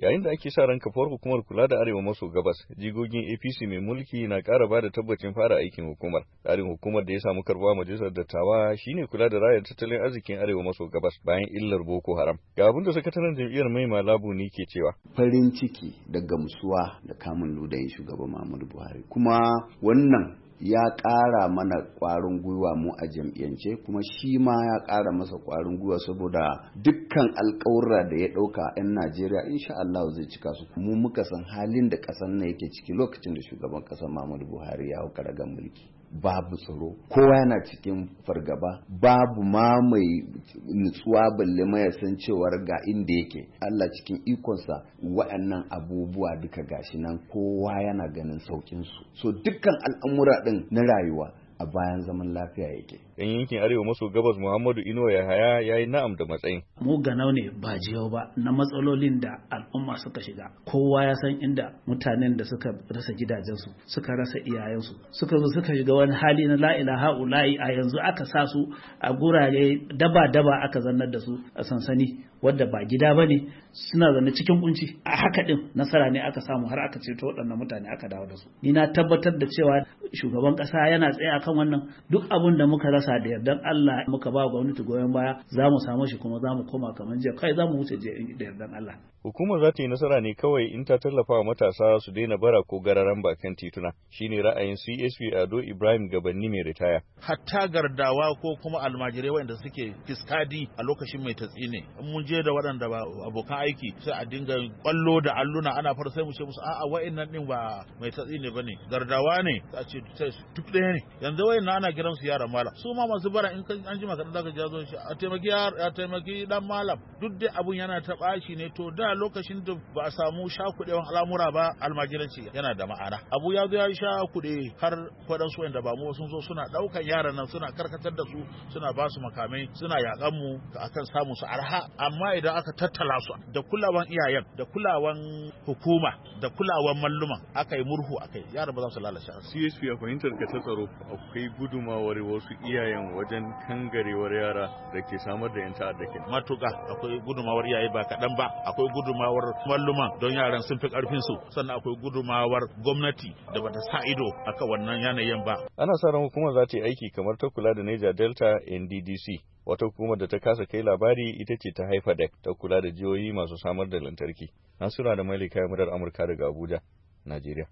yayin da ake sa ran kafuwar hukumar kula da arewa maso gabas jigogin apc mai mulki na kara ba da tabbacin fara aikin hukumar tsarin hukumar da ya samu karbuwa majalisar dattawa shine kula da rayar tattalin arzikin arewa maso gabas bayan illar boko haram ga abin da sakataren jam'iyyar mai malabu ni ke cewa farin ciki da gamsuwa da kamun ludayin shugaban muhammadu buhari kuma wannan ya ƙara mana ƙwarin gwiwa mu a jam'iyyance kuma shi ma ya ƙara masa ƙwarin gwiwa saboda dukkan alƙawurra da ya ɗauka 'yan Najeriya in sha Allah zai cika su mu muka san halin da ƙasar na yake ciki lokacin da shugaban ƙasar Muhammadu Buhari ya hau karagan mulki. babu tsaro kowa yana cikin fargaba babu ma mai nutsuwa balle mai san cewar ga inda yake Allah cikin ikonsa waɗannan abubuwa duka gashi nan kowa yana ganin saukin su so dukkan al'amura din na rayuwa a bayan zaman lafiya yake. Yan yankin Arewa maso gabas Muhammadu Inuwa Yahaya ya yi na'am da matsayin. Mu ganau ne ba jiyau ba na matsalolin da al'umma suka shiga. Kowa ya san inda mutanen da suka rasa gidajensu, suka rasa iyayensu, suka zo suka shiga wani hali na la'ila ha'ula'i a yanzu aka sa su a gurare daba-daba aka zannar da su a sansani wadda ba gida ba ne suna zane cikin kunci a haka din nasara ne aka samu har aka ceto waɗannan mutane aka dawo da su. Ni na tabbatar da cewa shugaban ƙasa yana tsaye akan akan wannan duk abin da muka rasa da yardan Allah muka ba gwamnati goyon baya za mu samu shi kuma za mu koma kamar jiya kai za mu wuce jiya da yardan Allah hukumar za ta yi nasara ne kawai in ta tallafa wa matasa su daina bara ko gararan bakan tituna shine ra'ayin CSP Ado Ibrahim Gabanni mai ritaya hatta gardawa ko kuma almajirai waɗanda suke fiskadi a lokacin mai tatsi ne in mun je da waɗanda ba abokan aiki sai a dinga kwallo da alluna ana fara sai mu ce musu a'a nan din ba mai tatsi ne bane gardawa ne a ce duk ɗaya ne yanzu yanzu wayan na ana kiran su yaran malam su ma masu bara in an ji kaɗan zaka jazo shi a taimaki a taimaki dan malam duk dai abun yana ta bashi ne to da lokacin da ba a samu sha shakuɗewan al'amura ba almajiranci yana da ma'ana abu ya zo ya sha kuɗe har su wanda ba mu sun zo suna ɗaukan yaran nan suna karkatar da su suna ba su makamai suna yaƙan mu akan samu su arha amma idan aka tattala su da kulawan iyayen da kulawan hukuma da kulawan malluma aka murhu akai yaran ba za su lalace su a fahimtar ka ta tsaro akwai gudumawar wasu iyayen wajen kangarewar yara da ke samar da 'yan ta'adda ke matuka akwai gudumawar iyaye ba kaɗan ba akwai gudumawar malluma don yaran sun fi ƙarfin su sannan akwai gudumawar gwamnati da bata sa ido akan wannan yanayin ba ana sa ran hukumar za ta yi aiki kamar ta kula da Niger Delta NDDC wata hukumar da ta kasa kai labari ita ce ta haifa da ta kula da jihohi masu samar da lantarki nasura da mailika murar amurka daga abuja najeriya